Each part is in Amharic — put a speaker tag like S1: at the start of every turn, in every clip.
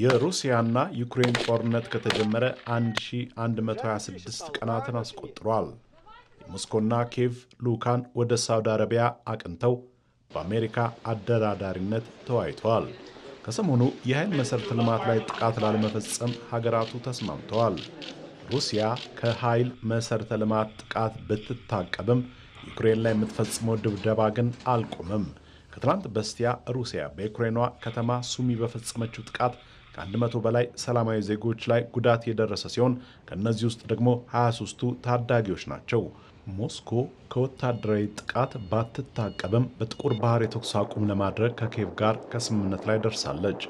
S1: የሩሲያና ዩክሬን ጦርነት ከተጀመረ 1126 ቀናትን አስቆጥሯል። የሞስኮና ኬቭ ልዑካን ወደ ሳውዲ አረቢያ አቅንተው በአሜሪካ አደራዳሪነት ተወያይተዋል። ከሰሞኑ የኃይል መሠረተ ልማት ላይ ጥቃት ላለመፈጸም ሀገራቱ ተስማምተዋል። ሩሲያ ከኃይል መሠረተ ልማት ጥቃት ብትታቀብም ዩክሬን ላይ የምትፈጽመው ድብደባ ግን አልቆመም። ከትናንት በስቲያ ሩሲያ በዩክሬኗ ከተማ ሱሚ በፈጸመችው ጥቃት ከአንድ መቶ በላይ ሰላማዊ ዜጎች ላይ ጉዳት የደረሰ ሲሆን ከእነዚህ ውስጥ ደግሞ 23ቱ ታዳጊዎች ናቸው። ሞስኮ ከወታደራዊ ጥቃት ባትታቀብም በጥቁር ባህር የተኩስ አቁም ለማድረግ ከኬቭ ጋር ከስምምነት ላይ ደርሳለች።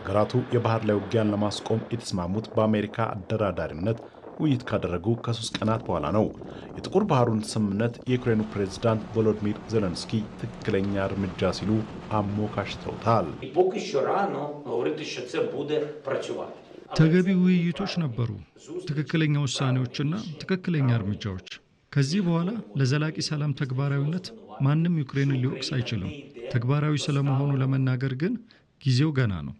S1: ሀገራቱ የባህር ላይ ውጊያን ለማስቆም የተስማሙት በአሜሪካ አደራዳሪነት ውይይት ካደረጉ ከሶስት ቀናት በኋላ ነው የጥቁር ባህሩን ስምምነት የዩክሬኑ ፕሬዝዳንት ቮሎዲሚር ዘለንስኪ ትክክለኛ እርምጃ ሲሉ አሞካሽተውታል።
S2: ተገቢ ውይይቶች ነበሩ፣ ትክክለኛ ውሳኔዎችና ትክክለኛ እርምጃዎች። ከዚህ በኋላ ለዘላቂ ሰላም ተግባራዊነት ማንም ዩክሬንን ሊወቅስ አይችልም። ተግባራዊ ስለመሆኑ ለመናገር ግን ጊዜው ገና ነው።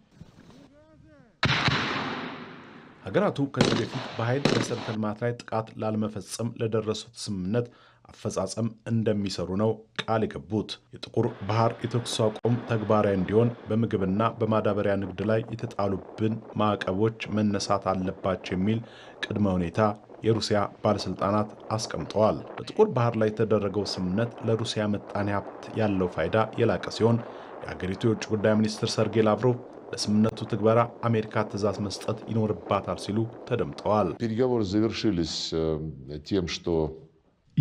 S1: ሀገራቱ ከዚህ በፊት በኃይል መሰረተ ልማት ላይ ጥቃት ላለመፈጸም ለደረሱት ስምምነት አፈጻጸም እንደሚሰሩ ነው ቃል የገቡት። የጥቁር ባህር የተኩስ አቁም ተግባራዊ እንዲሆን በምግብና በማዳበሪያ ንግድ ላይ የተጣሉብን ማዕቀቦች መነሳት አለባቸው የሚል ቅድመ ሁኔታ የሩሲያ ባለሥልጣናት አስቀምጠዋል። በጥቁር ባህር ላይ የተደረገው ስምምነት ለሩሲያ ምጣኔ ሀብት ያለው ፋይዳ የላቀ ሲሆን የአገሪቱ የውጭ ጉዳይ ሚኒስትር ሰርጌይ ላቭሮቭ ለስምምነቱ ትግበራ አሜሪካ ትእዛዝ መስጠት ይኖርባታል ሲሉ ተደምጠዋል።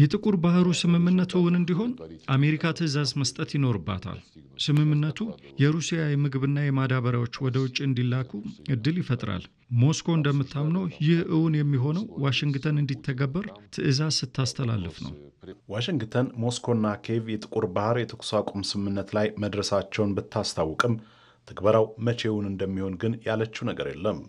S2: የጥቁር ባህሩ ስምምነት እውን እንዲሆን አሜሪካ ትዕዛዝ መስጠት ይኖርባታል። ስምምነቱ የሩሲያ የምግብና የማዳበሪያዎች ወደ ውጭ እንዲላኩ እድል ይፈጥራል። ሞስኮ እንደምታምነው ይህ እውን የሚሆነው ዋሽንግተን እንዲተገበር ትዕዛዝ ስታስተላልፍ ነው።
S1: ዋሽንግተን፣ ሞስኮና ኬቭ የጥቁር ባህር የተኩስ አቁም ስምምነት ላይ መድረሳቸውን ብታስታውቅም ትግበራው መቼውን እንደሚሆን ግን ያለችው ነገር የለም።